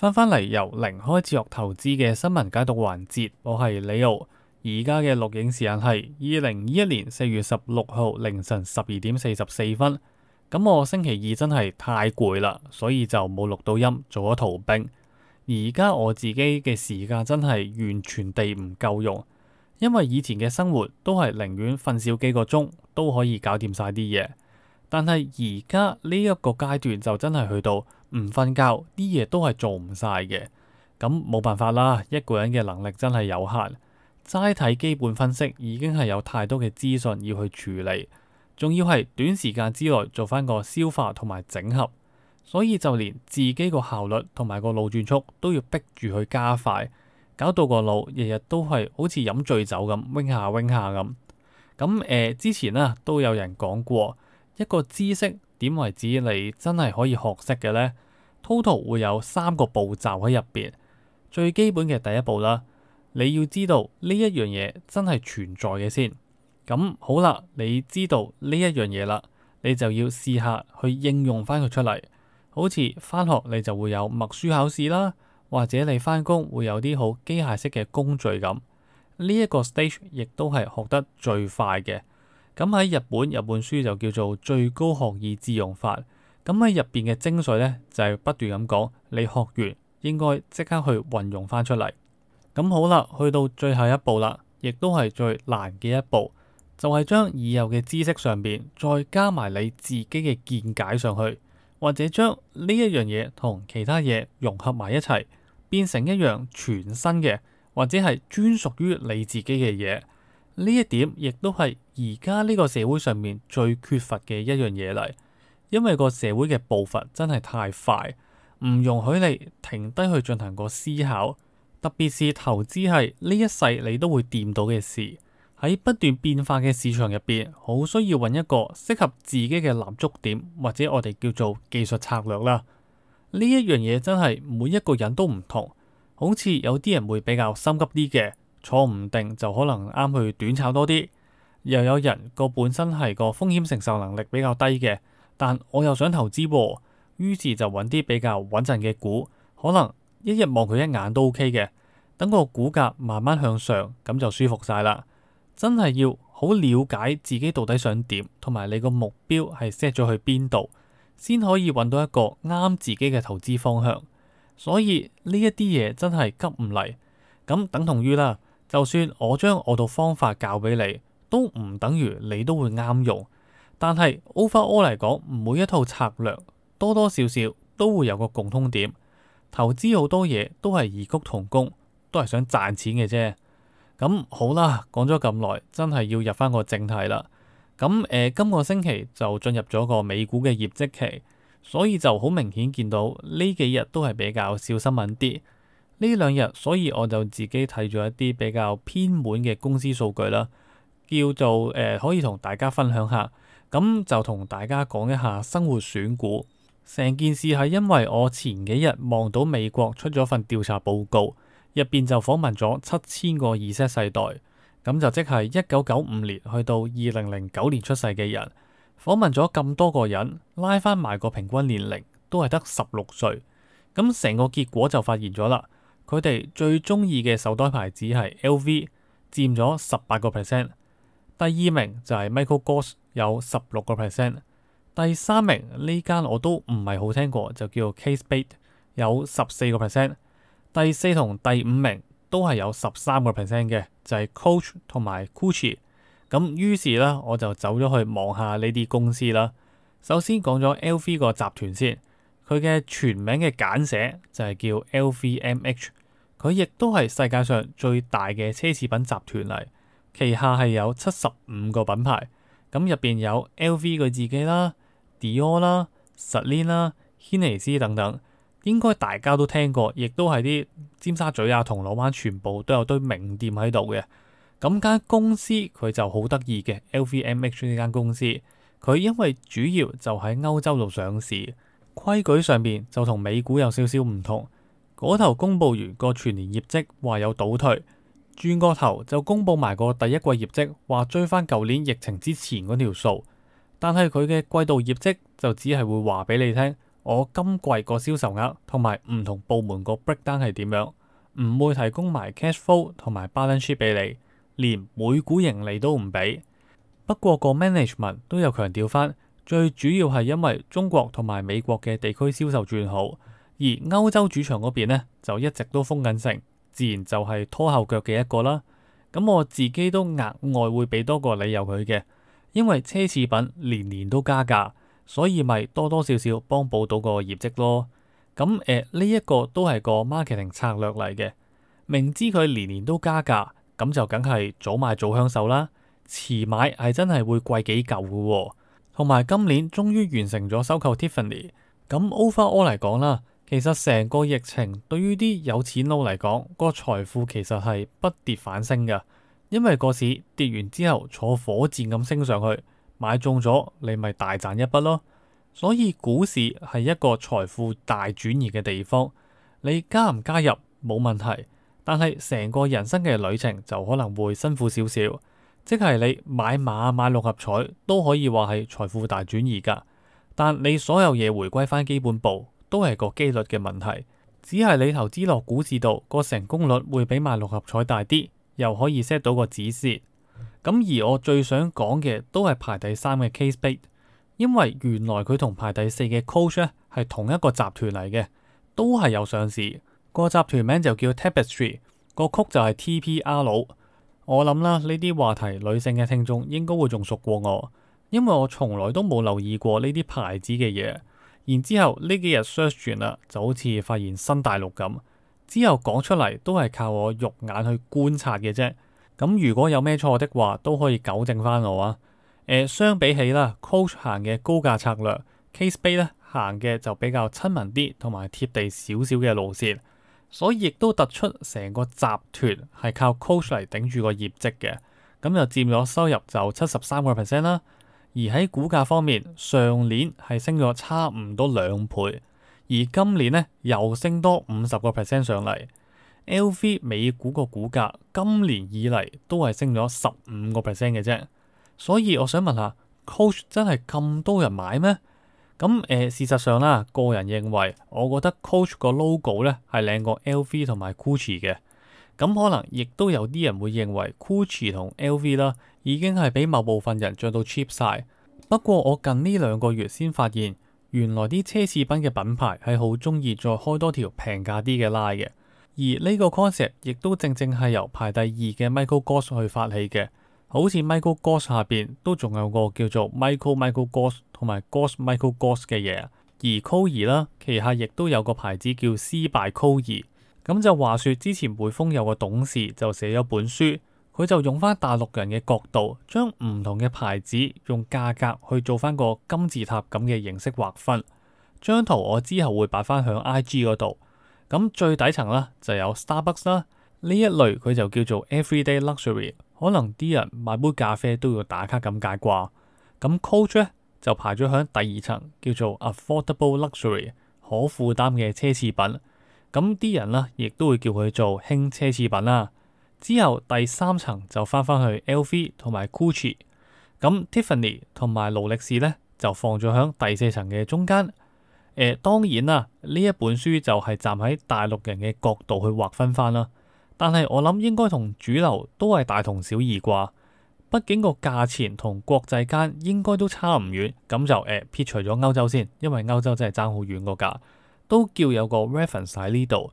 翻返嚟由零開始學投資嘅新聞解讀環節，我係李奧。而家嘅錄影時間係二零二一年四月十六號凌晨十二點四十四分。咁我星期二真係太攰啦，所以就冇錄到音，做咗逃兵。而家我自己嘅時間真係完全地唔夠用，因為以前嘅生活都係寧願瞓少幾個鐘都可以搞掂晒啲嘢，但係而家呢一個階段就真係去到。唔瞓覺啲嘢都係做唔晒嘅，咁冇辦法啦。一個人嘅能力真係有限，齋睇基本分析已經係有太多嘅資訊要去處理，仲要係短時間之內做翻個消化同埋整合，所以就連自己個效率同埋個腦轉速都要逼住去加快，搞到個腦日日都係好似飲醉酒咁 wing 下 wing 下咁。咁誒、呃，之前咧都有人講過，一個知識點為止你真係可以學識嘅呢。溝通會有三個步驟喺入邊，最基本嘅第一步啦，你要知道呢一樣嘢真係存在嘅先。咁、嗯、好啦，你知道呢一樣嘢啦，你就要試下去應用翻佢出嚟。好似翻學你就會有默書考試啦，或者你翻工會有啲好機械式嘅工序咁。呢、這、一個 stage 亦都係學得最快嘅。咁、嗯、喺日本，有本書就叫做最高學以致用法。咁喺入邊嘅精髓咧，就係不斷咁講，你學完應該即刻去運用翻出嚟。咁好啦，去到最後一步啦，亦都係最難嘅一步，就係將已有嘅知識上邊再加埋你自己嘅見解上去，或者將呢一樣嘢同其他嘢融合埋一齊，變成一樣全新嘅，或者係專屬於你自己嘅嘢。呢一點亦都係而家呢個社會上面最缺乏嘅一樣嘢嚟。因為個社會嘅步伐真係太快，唔容許你停低去進行個思考，特別是投資係呢一世你都會掂到嘅事。喺不斷變化嘅市場入邊，好需要揾一個適合自己嘅立足點，或者我哋叫做技術策略啦。呢一樣嘢真係每一個人都唔同，好似有啲人會比較心急啲嘅，坐唔定就可能啱去短炒多啲，又有人個本身係個風險承受能力比較低嘅。但我又想投資，啊，於是就揾啲比較穩陣嘅股，可能一日望佢一眼都 OK 嘅。等個股價慢慢向上，咁就舒服晒啦。真係要好了解自己到底想點，同埋你個目標係 set 咗去邊度，先可以揾到一個啱自己嘅投資方向。所以呢一啲嘢真係急唔嚟，咁等同於啦，就算我將我度方法教俾你，都唔等於你都會啱用。但係，overall 嚟講，每一套策略多多少少都會有個共通點。投資好多嘢都係異曲同工，都係想賺錢嘅啫。咁、嗯、好啦，講咗咁耐，真係要入翻個正題啦。咁、嗯、誒、呃，今個星期就進入咗個美股嘅業績期，所以就好明顯見到呢幾日都係比較小心穩啲。呢兩日所以我就自己睇咗一啲比較偏滿嘅公司數據啦，叫做誒、呃，可以同大家分享下。咁就同大家講一下生活選股。成件事係因為我前幾日望到美國出咗份調查報告，入邊就訪問咗七千個 Z 世代，咁就即係一九九五年去到二零零九年出世嘅人，訪問咗咁多個人，拉翻埋個平均年齡都係得十六歲，咁成個結果就發現咗啦，佢哋最中意嘅手袋牌子係 LV，佔咗十八個 percent。第二名就係 Michael Kors 有十六個 percent，第三名呢間我都唔係好聽過，就叫做 Kate Spade 有十四個 percent，第四同第五名都係有十三個 percent 嘅，就係、是、Coach 同埋 Gucci。咁於是咧，我就走咗去望下呢啲公司啦。首先講咗 LV 個集團先，佢嘅全名嘅簡寫就係叫 LVMH，佢亦都係世界上最大嘅奢侈品集團嚟。旗下係有七十五個品牌，咁入邊有 LV 佢自己啦、Dior 啦、Celine 啦、Hennessy 等等，應該大家都聽過，亦都係啲尖沙咀啊、銅鑼灣全部都有堆名店喺度嘅。咁間公司佢就好得意嘅，LVMH 呢間公司，佢因為主要就喺歐洲度上市，規矩上邊就同美股有少少唔同。嗰頭公佈完個全年業績，話有倒退。轉個頭就公布埋個第一季業績，話追翻舊年疫情之前嗰條數，但係佢嘅季度業績就只係會話俾你聽，我今季個銷售額同埋唔同部門個 breakdown 係點樣，唔會提供埋 cash flow 同埋 balance sheet 俾你，連每股盈利都唔俾。不過個 management 都有強調翻，最主要係因為中國同埋美國嘅地區銷售轉好，而歐洲主場嗰邊呢，就一直都封緊城。自然就係拖後腳嘅一個啦。咁我自己都額外會俾多個理由佢嘅，因為奢侈品年年都加價，所以咪多多少少幫補到個業績咯。咁誒呢一個都係個 marketing 策略嚟嘅，明知佢年年都加價，咁就梗係早買早享受啦。遲買係真係會貴幾嚿嘅喎。同埋今年終於完成咗收購 Tiffany，咁 overall 嚟講啦。其實成個疫情對於啲有錢佬嚟講，個財富其實係不跌反升㗎，因為個市跌完之後坐火箭咁升上去，買中咗你咪大賺一筆咯。所以股市係一個財富大轉移嘅地方，你加唔加入冇問題，但係成個人生嘅旅程就可能會辛苦少少，即係你買馬、買六合彩都可以話係財富大轉移噶，但你所有嘢回歸翻基本部。都係個機率嘅問題，只係你投資落股市度，個成功率會比買六合彩大啲，又可以 set 到個指示。咁而我最想講嘅都係排第三嘅 Kate Spade，因為原來佢同排第四嘅 coach 咧係同一個集團嚟嘅，都係有上市。個集團名就叫 Tapestry，個曲就係 TPR 佬。我諗啦，呢啲話題女性嘅聽眾應該會仲熟過我，因為我從來都冇留意過呢啲牌子嘅嘢。然之後呢幾日 search 完啦，就好似發現新大陸咁。之後講出嚟都係靠我肉眼去觀察嘅啫。咁如果有咩錯的話，都可以糾正翻我啊。誒、呃，相比起啦，Coach 行嘅高價策略，Kate Spade 咧行嘅就比較親民啲，同埋貼地少少嘅路線，所以亦都突出成個集團係靠 Coach 嚟頂住個業績嘅。咁就佔咗收入就七十三個 percent 啦。而喺股價方面，上年係升咗差唔多兩倍，而今年呢又升多五十個 percent 上嚟。LV 美股個股價今年以嚟都係升咗十五個 percent 嘅啫，所以我想問下 Coach 真係咁多人買咩？咁誒、呃、事實上啦，個人認為，我覺得 Coach 個 logo 咧係靚過 LV 同埋 Gucci 嘅，咁可能亦都有啲人會認為 Gucci 同 LV 啦。已經係俾某部分人著到 cheap 晒。不過我近呢兩個月先發現，原來啲奢侈品嘅品牌係好中意再開多條平價啲嘅拉嘅。而呢個 concept 亦都正正係由排第二嘅 Michael Kors 去發起嘅。好似 Michael Kors 下邊都仲有個叫做 Michael Michael Kors 同埋 Kors Michael Kors 嘅嘢。而 Cooley 啦，旗下亦都有個牌子叫思百 Cooley。咁就話說，之前匯豐有個董事就寫咗本書。佢就用翻大陸人嘅角度，將唔同嘅牌子用價格去做翻個金字塔咁嘅形式劃分。張圖我之後會擺翻響 IG 嗰度。咁最底層咧就有 Starbucks 啦，呢一類佢就叫做 Everyday Luxury，可能啲人買杯咖啡都要打卡咁解啩。咁 Coach 咧就排咗喺第二層，叫做 Affordable Luxury，可負擔嘅奢侈品。咁啲人呢，亦都會叫佢做輕奢侈品啦、啊。之後第三層就返返去 LV 同埋 Gucci，咁 Tiffany 同埋勞力士咧就放咗喺第四層嘅中間。誒、呃、當然啦，呢一本書就係站喺大陸人嘅角度去劃分返啦。但係我諗應該同主流都係大同小異啩。畢竟個價錢同國際間應該都差唔遠。咁就誒、呃、撇除咗歐洲先，因為歐洲真係爭好遠個價，都叫有個 reference 喺呢度。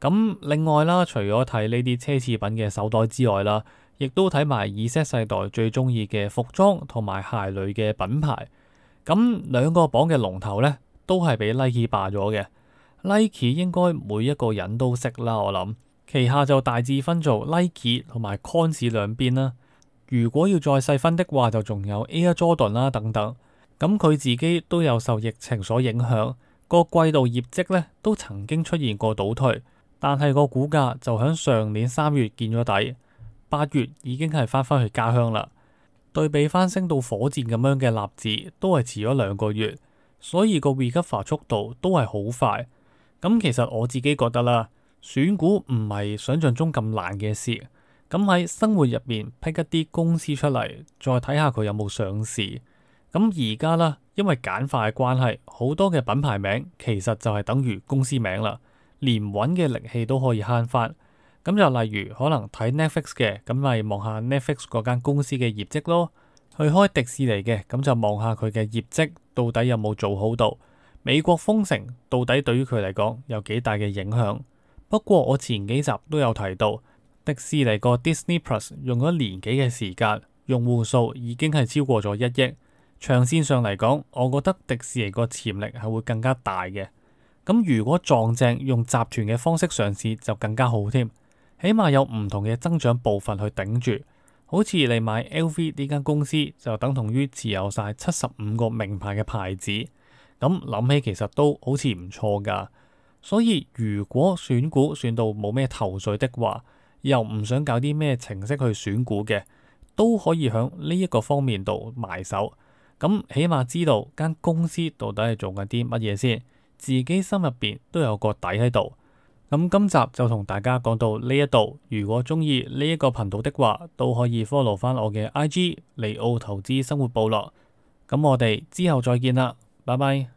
咁另外啦，除咗睇呢啲奢侈品嘅手袋之外啦，亦都睇埋 Z 世代最中意嘅服裝同埋鞋類嘅品牌。咁兩個榜嘅龍頭咧，都係俾 Nike 霸咗嘅。Nike 應該每一個人都識啦，我諗旗下就大致分做 Nike 同埋 Converse 兩邊啦。如果要再細分的話，就仲有 Air Jordan 啦等等。咁佢自己都有受疫情所影響，個季度業績咧都曾經出現過倒退。但係個股價就響上年三月見咗底，八月已經係翻返去家鄉啦。對比翻升到火箭咁樣嘅例子，都係遲咗兩個月，所以個 recover 速度都係好快。咁、嗯、其實我自己覺得啦，選股唔係想象中咁難嘅事。咁、嗯、喺生活入面 pick 一啲公司出嚟，再睇下佢有冇上市。咁而家啦，因為簡化嘅關係，好多嘅品牌名其實就係等於公司名啦。連揾嘅力氣都可以慳翻，咁就例如可能睇 Netflix 嘅，咁咪望下 Netflix 嗰間公司嘅業績咯；去開迪士尼嘅，咁就望下佢嘅業績到底有冇做好到。美國封城到底對於佢嚟講有幾大嘅影響？不過我前幾集都有提到，迪士尼個 Disney Plus 用咗年幾嘅時間，用戶數已經係超過咗一億。長線上嚟講，我覺得迪士尼個潛力係會更加大嘅。咁如果撞正用集團嘅方式上市就更加好添，起碼有唔同嘅增長部分去頂住。好似你買 LV 呢間公司，就等同於持有晒七十五個名牌嘅牌子。咁諗起其實都好似唔錯㗎。所以如果選股選到冇咩頭緒的話，又唔想搞啲咩程式去選股嘅，都可以喺呢一個方面度埋手。咁起碼知道間公司到底係做緊啲乜嘢先。自己心入邊都有個底喺度，咁今集就同大家講到呢一度。如果中意呢一個頻道的話，都可以 follow 翻我嘅 IG 尼奧投資生活部落。咁我哋之後再見啦，拜拜。